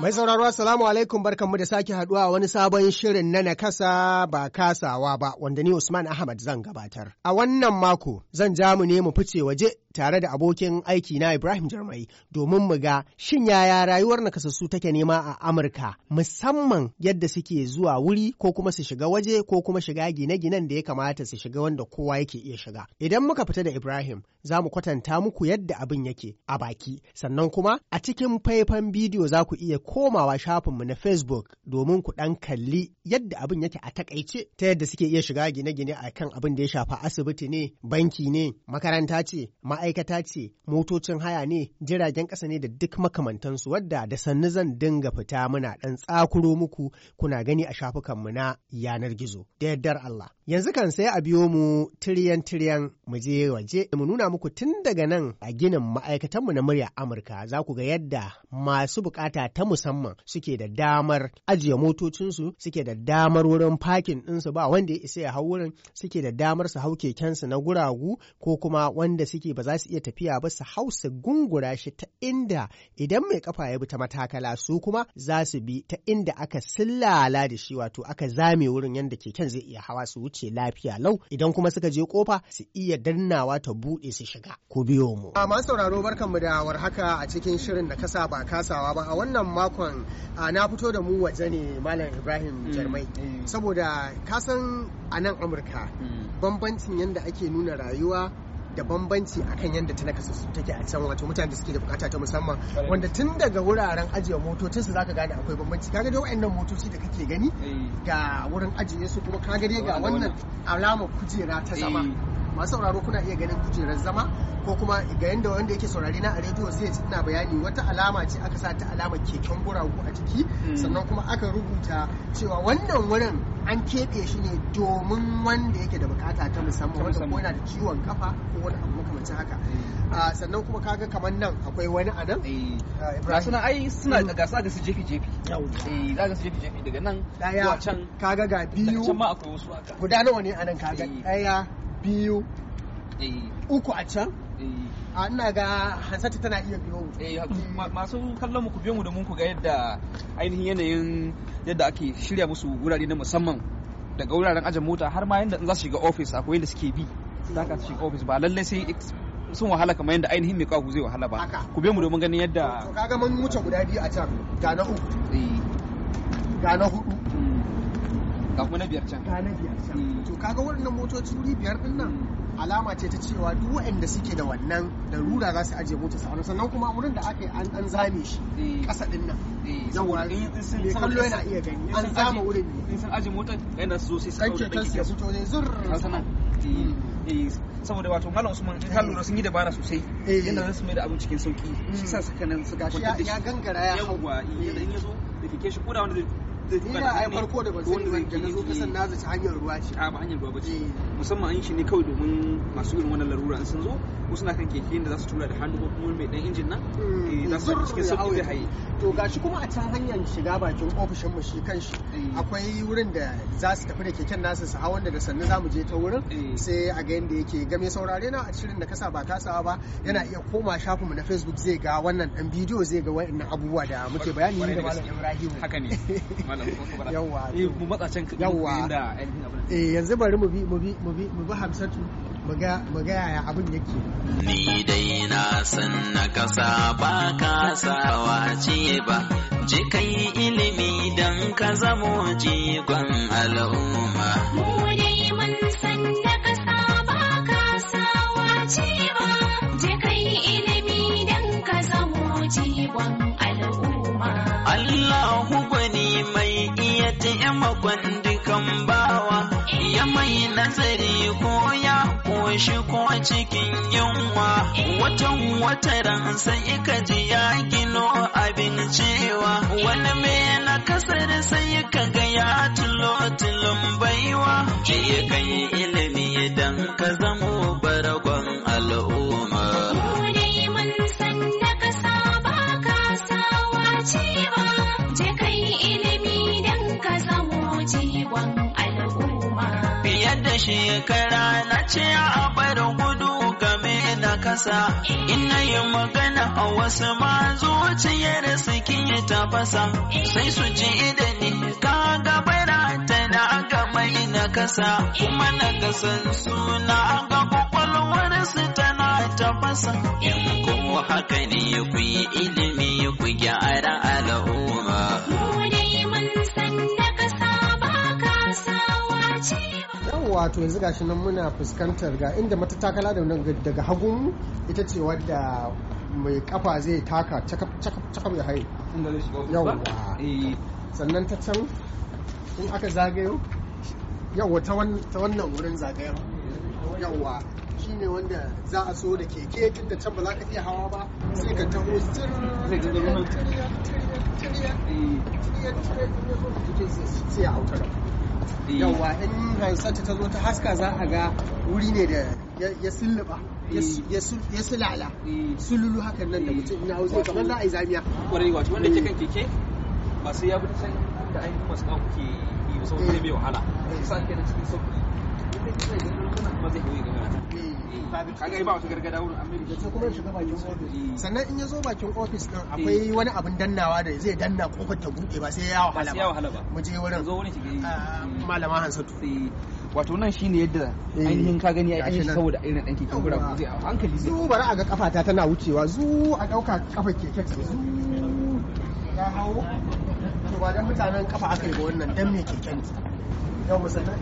Mai sauraro Assalamu alaikum barkanmu da sake haduwa wani sabon shirin na nakasa ba kasawa ba wanda ni Usman Ahmad zan gabatar. A wannan mako zan ja mu ne mu fice waje tare da abokin aiki na Ibrahim Jarmai domin mu ga shin yaya rayuwar nakasassu take nema a Amurka musamman yadda suke zuwa wuri ko kuma su shiga waje ko kuma shiga gine-ginen da ya kamata su shiga wanda kowa yake iya shiga. Idan muka fita da Ibrahim za mu kwatanta muku yadda abin yake a baki sannan kuma a cikin faifan bidiyo za ku iya komawa shafinmu na Facebook domin ku ɗan kalli yadda abin yake a takaice ta yadda suke iya shiga gine-gine a kan abin da ya shafa asibiti ne, banki ne, makaranta ce, ma'aikata ce, motocin haya ne, jiragen ƙasa ne da duk makamantansu wadda da sannu zan dinga fita muna ɗan tsakuro muku kuna gani a shafukanmu na yanar gizo. Da yardar Allah. Yanzu kan sai a biyo mu tiriyan-tiriyan mu je waje mu nuna muku tun daga nan a ginin ma'aikatanmu na murya Amurka za ku ga yadda masu bukata ta mu musamman suke da damar ajiye motocinsu suke da damar wurin fakin ɗinsu ba wanda ya isa ya hau wurin suke da damar su hau kekensu na guragu ko kuma wanda suke ba za su iya tafiya ba su hau su gungura shi ta inda idan mai kafa ya bi ta matakala su kuma za su bi ta inda aka sillala da shi wato aka zame wurin yadda keken zai iya hawa su wuce lafiya lau idan kuma suka je kofa su iya dannawa ta buɗe su shiga ku biyo mu. A sauraro barkanmu da warhaka a cikin shirin da kasa ba kasawa ba a wannan mako makon ah, na fito da mu waje ne malam ibrahim mm. jarmai mm. saboda kasan a nan amurka mm. bambancin yadda ake nuna rayuwa da bambanci akan yadda ta nakasa su take a can wato mutane da suke da bukata ta musamman wanda tun daga wuraren ajiye motocin su zaka gane akwai bambanci kaga dai wayannan motoci da kake gani eh. ga wurin ajiye su kuma kaga dai ga wannan alama kujera ta zama eh. masu sauraro kuna iya ganin kujerar zama ko kuma ga yadda wanda yake saurari na a rediyo sai ya ci ina bayani wata alama ce aka sa ta alama keken guragu a jiki hmm. sannan kuma aka rubuta cewa wannan wurin an keɓe shi ne domin wanda yake da bukata ta musamman wanda ko yana da ciwon kafa ko wani abu makamancin haka hmm. ah, sannan kuma kaga kamar nan akwai wani a nan eh. ah, ga suna ai suna da hmm. gasa ga su jefi jefi eh, za ga su jefi jefi daga nan zuwa can kaga ga biyu can ma akwai wasu haka guda nawa ne a nan kaga daya eh. biyu eh. uku a can eh. a ina ga hansata tana iya biyo eh, masu kallon mu ku biyo mu domin ku ga yadda ainihin yanayin yadda ake shirya musu wurare na musamman daga wuraren ajin mota har ma yadda za su shiga ofis akwai yadda suke bi za ka shiga ofis ba lallai sai sun wahala kamar yadda ainihin mai kawo zai wahala ba ku biyo mu domin ganin yadda to kaga mun wuce guda biyu a can ga na uku ga na hudu ga kuma na biyar can ga na biyar can hmm. to kaga wannan motoci wuri biyar din nan hmm. alama ce ta cewa duk waɗanda suke da wannan da rura za su ajiye motarsa Wannan sannan kuma wurin da aka yi an zame shi hmm. ƙasa din nan yawa kallo yana iya gani an zama wurin ne in sun ajiye motar yana so sai su ɗauke kansu ya fito ne zur sanan eh, saboda wato malam usman in ka lura sun yi dabara sosai eh. yadda zan su mai da abin cikin sauki shi sa saka nan su kwantar da ya gangara ya hau yadda in ya zo da kike shi koda wanda zai ni na ai farko da ban sani na zo kasan na zaci hanyar ruwa a ba hanyar ruwa ba ce eh. musamman an shi ne kawai domin masu irin wannan larura an sun zo wasu na kan keke da za su tura da hannu ko kuma mai dan injin nan mm, eh, za su cikin sauki da haye to gashi kuma a can hanyar shiga bakin ofishin mu shi kanshi eh. akwai wurin da za su tafi da keken nasu su hawan da sannu za mu je ta wurin eh. sai a ga yanda yake game saurare na a cikin da kasa ba kasawa ba yana iya koma shafin mu na Facebook zai ga wannan dan bidiyo zai ga wa'annan abubuwa da muke bayani ne da malam Ibrahim haka ne malam yawa mu matsa can yawa eh yanzu bari mu bi mu bi mu bi hamsatu mu ga yaya abin yake. Ni dai na san na kasa ba kasawa ce ba, Jikai ilimi dan ka zamo mun san na kasa ba ba, ji kai ilimi don ka zamo jigon al'umma. Allahu gwani mai iya taimakon makon hatsari ko ya ƙoshi ko cikin yunwa watan watara sai ka ji ya gino abin cewa wani mai na kasar sai ka ga ya tulo tulon baiwa ke kan ilimi dan ka zamo baragon al'umma shekara na ce a bar gudu game na kasa ina yin magana a wasu ma zuciyar suke tafasa sai su ji da ni ka gaba ta na gaba na kasa kuma na kasan suna ga kwakwalwar su tana tafasa in ko haka ne ku yi ilimi ku gyara al'umma wato yanzu gashi nan muna fuskantar ga inda matattakala da daga hagun ita ce wadda mai kafa zai taka cakaf ya haye yawwa sannan ta can in aka zagayo yawwa ta wannan wurin zagayen yawwa shi ne wanda za a so da keke tun da can ba za ka iya hawa ba sai ka taho Eh. yawa in hansata ta zo ta haska za a ga wuri ne da ya sulluba eh. ya sulala eh. sululu hakan nan da mutum ina hausa kamar za a yi zamiya kwarai wato wanda ke kan keke ba sai ya bi san da ainihin masu kawo ke yi ba saboda mai wahala sai ake da cikin sauki ne zai yi gaba ba gargada kuma ya shiga bakin ofis sannan in ya zo bakin ofis din eh. akwai wani abin dannawa da zai danna kofar ta buɗe ba sai ya wahala ba ya wahala ba mu je wurin zo shige ah, eh. malama Hansatu eh. wato nan shine yadda ainihin ka gani ai ainihin saboda irin danki ke gura ko zai a hankali zai zu bara a ga kafata tana wucewa zu a dauka kafar ta zu ga hawo to ba dan mutanen kafa aka yi wannan dan me keken yau sannan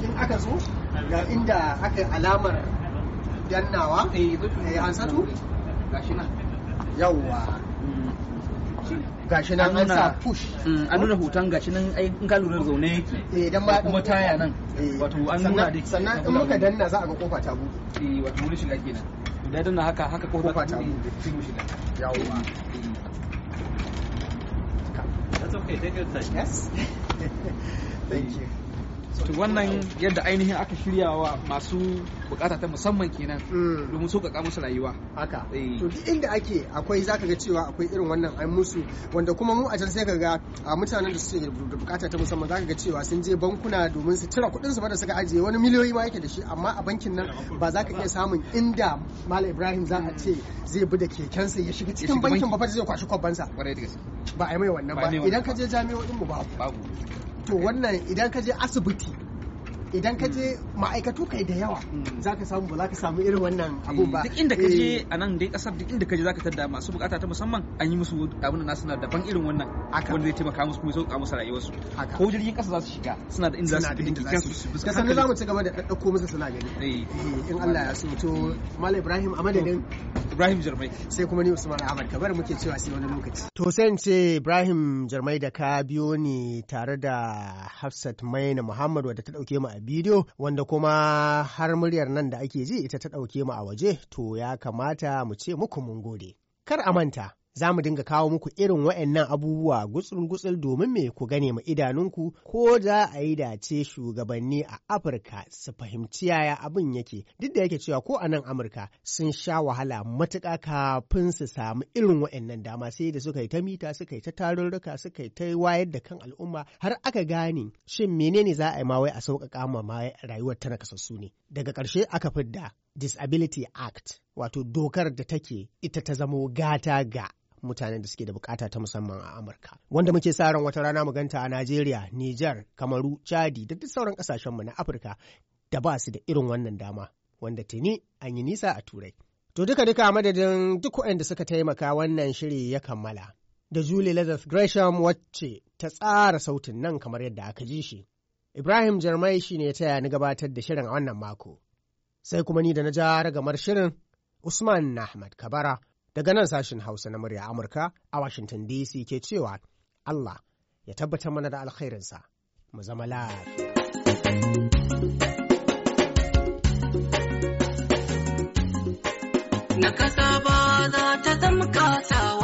in aka so ga inda aka alamar dannawa ya eh, hansatu eh, gashi nan yawwa gashi nan an push mm, an nuna hoton gashi nan ai in ka lura zaune yake idan eh, ma kuma taya nan wato an nuna da sannan in muka danna za a ga kofa ta buɗe eh wato wuri shiga kenan idan danna haka haka kofa ta buɗe sai shiga yawa that's okay take your time yes to wannan yadda ainihin aka shirya wa masu bukata ta musamman kenan mm. domin su kaka musu rayuwa haka eh. to duk inda ake akwai zaka ga cewa akwai irin wannan ai musu wanda kuma mu a can sai ka ga mutanen da suke da bukata ta musamman zaka ga cewa sun je bankuna domin su cire kuɗin su da suka ajiye wani miliyoyi ma yake da shi amma a bankin nan ba za ka iya samun inda Malam Ibrahim za a ce zai bi da kekensa ya shiga cikin bankin ba fa zai kwashi kwabbansa kwarai da gaske ba a yi mai wannan ba idan ka je jami'o'in mu babu to wannan idan ka je asibiti idan ka je ma'aikatu kai da yawa hmm. za ka samu ba za ka samu irin wannan abu ba eh, duk inda ka je eh. a nan dai kasar duk inda ka je za ka tada masu bukata ta musamman an yi musu abin nasu na daban irin wannan wanda zai taimaka musu kuma sauka musu rayuwarsu ko jirgin kasa za su shiga suna da inda za su bi dinkin su kasan sanin za mu ci gaba da ɗaɗɗauko musu suna gani eh. in Allah ya so to Malam Ibrahim a madadin Ibrahim Jarmai sai kuma ni Usman Ahmad kabar muke cewa sai wani lokaci. To sai ce Ibrahim Jarmai da ka biyo ni tare da Hafsat Maina Muhammad wadda ta dauke mu a bidiyo wanda kuma har muryar nan da ake ji ita ta dauke mu a waje to ya kamata mu ce muku mun gode. Kar a manta za mu dinga kawo muku irin wa'annan abubuwa gutsul-gutsul domin me ku gane ma idanunku ko za a yi dace shugabanni a Afirka su fahimci yaya abin yake duk da yake cewa ko a nan Amurka sun sha wahala matuka kafin su samu irin wa'annan dama sai da suka yi ta mita suka yi ta tarurruka suka yi ta wayar da kan al'umma har aka gane shin menene za a yi mawai a sauƙaƙa ma rayuwar ta nakasassu ne daga ƙarshe aka fidda Disability Act wato dokar da take ita ta zamo gata ga mutanen da suke da bukata ta musamman a Amurka. Wanda muke sa ran wata rana mu ganta a Najeriya, Nijar, Kamaru, Chadi da duk sauran kasashenmu na Afirka da ba su da irin wannan dama, wanda tuni an yi nisa a Turai. To duka duka madadin duk waɗanda suka taimaka wannan shiri ya kammala. Da Julie Lazarus Gresham wacce ta tsara sautin nan kamar yadda aka ji shi. Ibrahim Jarmai shi ne taya ni gabatar da shirin a wannan mako. Sai kuma ni da na ja ragamar shirin Usman Ahmad Kabara Daga nan sashen Hausa na murya Amurka a Washington DC ke cewa Allah ya tabbatar mana da alkhairinsa. Mu zama lafiya. Na kasa ba za ta zama kasawa.